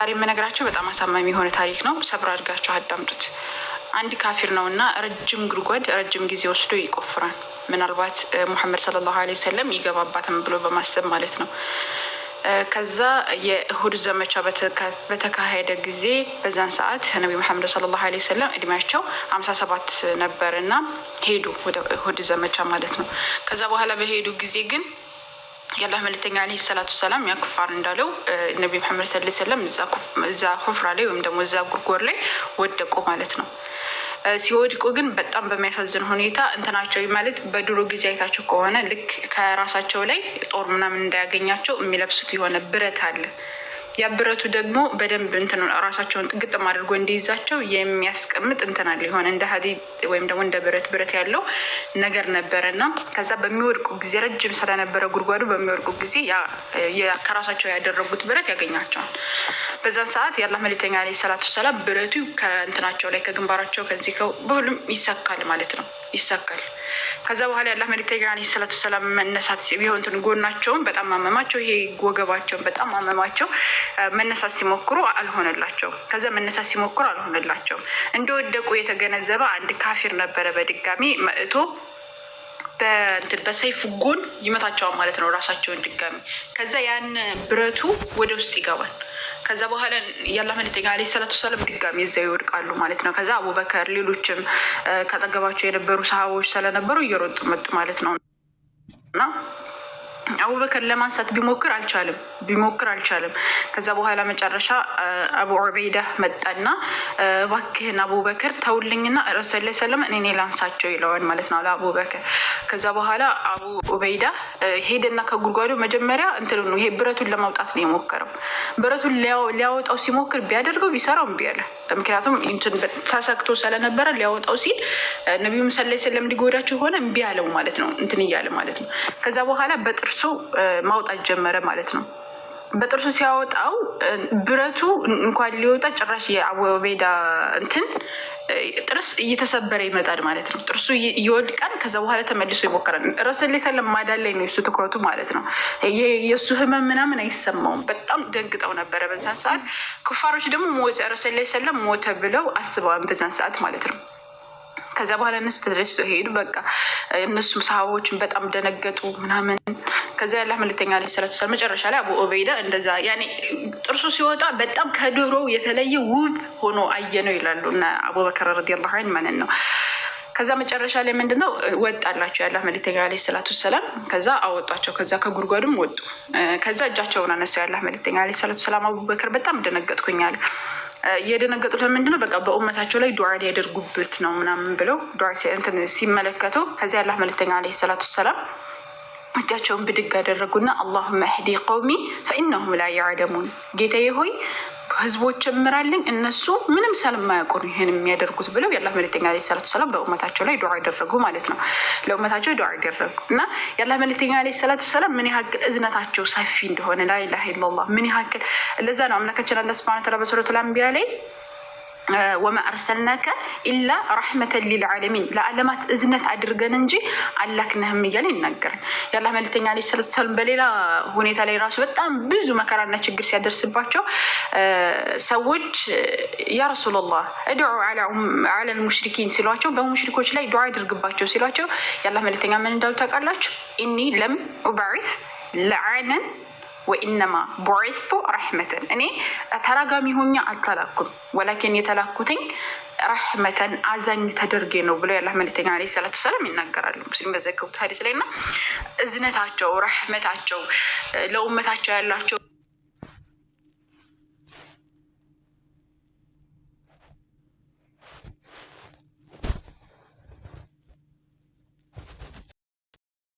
ዛሬ የምነግራቸው በጣም አሳማሚ የሆነ ታሪክ ነው። ሰብር አድርጋችሁ አዳምጡት። አንድ ካፊር ነው እና ረጅም ጉድጓድ ረጅም ጊዜ ወስዶ ይቆፍራል። ምናልባት ሙሐመድ ሰለላሁ ዐለይሂ ወሰለም ይገባባትም ብሎ በማሰብ ማለት ነው። ከዛ የእሁድ ዘመቻ በተካሄደ ጊዜ በዛን ሰዓት ነቢ መሐመድ ሰለላሁ ዐለይሂ ወሰለም እድሜያቸው ሀምሳ ሰባት ነበር እና ሄዱ ወደ እሁድ ዘመቻ ማለት ነው። ከዛ በኋላ በሄዱ ጊዜ ግን የአላህ መልእክተኛ አለይሂ ሰላቱ ሰላም ያ ኩፋር እንዳለው ነቢ መሐመድ ሰለላሁ ዐለይሂ ወሰለም እዛ ኩፍራ ላይ ወይም ደግሞ እዛ ጉርጓድ ላይ ወደቁ ማለት ነው። ሲወድቁ ግን በጣም በሚያሳዝን ሁኔታ እንትናቸው ማለት በድሮ ጊዜ አይታቸው ከሆነ ልክ ከራሳቸው ላይ ጦር ምናምን እንዳያገኛቸው የሚለብሱት የሆነ ብረት አለ ያበረቱ ደግሞ በደንብ እንትን ራሳቸውን ጥግጥም አድርጎ እንዲይዛቸው የሚያስቀምጥ እንትናል ሊሆን እንደ ሀዲድ ወይም ደግሞ እንደ ብረት ብረት ያለው ነገር ነበረ እና ከዛ በሚወድቁ ጊዜ ረጅም ስለነበረ ጉድጓዱ በሚወድቁ ጊዜ ከራሳቸው ያደረጉት ብረት ያገኛቸዋል። በዛን ሰዓት የአላህ መልእክተኛ ዓለይሂ ሰላቱ ሰላም ብረቱ ከእንትናቸው ላይ ከግንባራቸው ከዚህ ከው በሁሉም ይሰካል ማለት ነው ይሰካል። ከዛ በኋላ ያላ መልክተኛ ዓለይሂ ሰላቱ ሰላም መነሳት ቢሆንትን ጎናቸውን በጣም አመማቸው። ይሄ ወገባቸውን በጣም አመማቸው። መነሳት ሲሞክሩ አልሆነላቸውም። ከዛ መነሳት ሲሞክሩ አልሆነላቸውም። እንደወደቁ የተገነዘበ አንድ ካፊር ነበረ። በድጋሚ መጥቶ በሰይፍ ጎን ይመታቸዋል ማለት ነው ራሳቸውን ድጋሚ። ከዛ ያን ብረቱ ወደ ውስጥ ይገባል። ከዛ በኋላ ያላ መልክተኛ አለይሂ ሰላቱ ሰላም ድጋሚ እዛ ይወድቃሉ ማለት ነው። ከዛ አቡበከር፣ ሌሎችም ከጠገባቸው የነበሩ ሰሃቦች ስለነበሩ እየሮጡ መጡ ማለት ነው እና አቡበከር ለማንሳት ቢሞክር አልቻለም ቢሞክር አልቻለም። ከዛ በኋላ መጨረሻ አቡ ዑበይዳ መጣና እባክህን አቡበከር ተውልኝና ረሱ ላ ሰለም እኔ ላንሳቸው ይለዋል ማለት ነው አቡበከር። ከዛ በኋላ አቡ ዑበይዳ ሄደና ከጉድጓዱ መጀመሪያ እንትን ነው ይሄ ብረቱን ለማውጣት ነው የሞከረው። ብረቱን ሊያወጣው ሲሞክር ቢያደርገው ቢሰራው እምቢ አለ። ምክንያቱም ተሰክቶ ስለነበረ ሊያወጣው ሲል ነቢዩ ስ ላ ሰለም ሊጎዳቸው ሆነ እምቢ አለው ማለት ነው እንትን እያለ ማለት ነው። ከዛ በኋላ በጥር ሱ ማውጣት ጀመረ ማለት ነው። በጥርሱ ሲያወጣው ብረቱ እንኳን ሊወጣ ጭራሽ የአወቤዳ እንትን ጥርስ እየተሰበረ ይመጣል ማለት ነው። ጥርሱ ይወድቃል። ከዛ በኋላ ተመልሶ ይሞከራል። ረሱል ላይ ሰለም ማዳን ላይ ነው የሱ ትኩረቱ ማለት ነው። የእሱ ህመም ምናምን አይሰማውም። በጣም ደንግጠው ነበረ በዛን ሰዓት። ክፋሮች ደግሞ ረሱል ላይ ሰለም ሞተ ብለው አስበዋል በዛን ሰዓት ማለት ነው። ከዚያ በኋላ እነሱ ተደረስቶ ሄዱ። በቃ እነሱም ሰሃቦችን በጣም ደነገጡ ምናምን። ከዚያ ያለ መለተኛ ላይ ሰላት ሰል መጨረሻ ላይ አቡ ኦበይዳ እንደዛ ያኔ ጥርሱ ሲወጣ በጣም ከድሮው የተለየ ውብ ሆኖ አየ ነው ይላሉ እና አቡበከር ረዲየላሁ ዐንሁ ማለት ነው። ከዛ መጨረሻ ላይ ምንድነው ወጣላቸው ያለ መልክተኛ አለ ሰላቱ ሰላም። ከዛ አወጣቸው። ከዛ ከጉድጓድም ወጡ። ከዛ እጃቸውን አነሳው ያለ መልክተኛ አለ ሰላቱ ሰላም። አቡበከር በጣም ደነገጥኩኛል። የደነገጡት ለምንድን ነው? በቃ በኡመታቸው ላይ ዱዓ ሊያደርጉበት ነው ምናምን ብለው ዱዓ ሲመለከቱ ከዚያ አላህ መልክተኛ ዓለይሂ ሰላቱ ሰላም እጃቸውን ብድግ ያደረጉና አላሁመ ህዲ ቀውሚ ፈኢነሁም ላ ያዕለሙን ጌታዬ ሆይ ህዝቦች ጀምራልኝ እነሱ ምንም ሳልማያውቁ ይህን የሚያደርጉት ብለው የአላህ መልእክተኛ ዐለይሂ ሰላቱ ሰላም በእመታቸው ላይ ዱዓ ያደረጉ ማለት ነው። ለእመታቸው ዱዓ ያደረጉ እና የአላህ መልእክተኛ ዐለይሂ ሰላቱ ሰላም ምን ያህል እዝነታቸው ሰፊ እንደሆነ ላኢላሃ ኢለላህ ምን ያህል ለዛ ነው አምላካችን አላህ ሱብሐነሁ ወተዓላ በሱረቱል አንቢያ ላይ ወማ አርሰልናከ ኢላ ረሕመተን ሊልዓለሚን ለዓለማት እዝነት አድርገን እንጂ አላክነህም እያለ ይናገራል። የአላህ መልእክተኛ ላ ሰለም በሌላ ሁኔታ ላይ ራሱ በጣም ብዙ መከራና ችግር ሲያደርስባቸው ሰዎች ያ ረሱላላህ እድዑ አላ ልሙሽሪኪን ሲሏቸው በሙሽሪኮች ላይ ዱዓ አድርግባቸው ሲሏቸው የአላህ መልእክተኛ ምን እንዳሉ ታውቃላችሁ? ኢኒ ለም ኡባዒት ለዓነን ወኢነማ ቦዒስቱ ረሕመተን እኔ ተራጋሚ ሆኛ አልተላኩም፣ ወላኪን የተላኩትኝ ረሕመተን አዛኝ ተደርጌ ነው ብሎ ያለ መልእክተኛ ለ ሰላቱ ሰላም ይናገራሉ። ሙስሊም በዘገቡት ሀዲስ ላይ እና እዝነታቸው ረሕመታቸው ለውመታቸው ያላቸው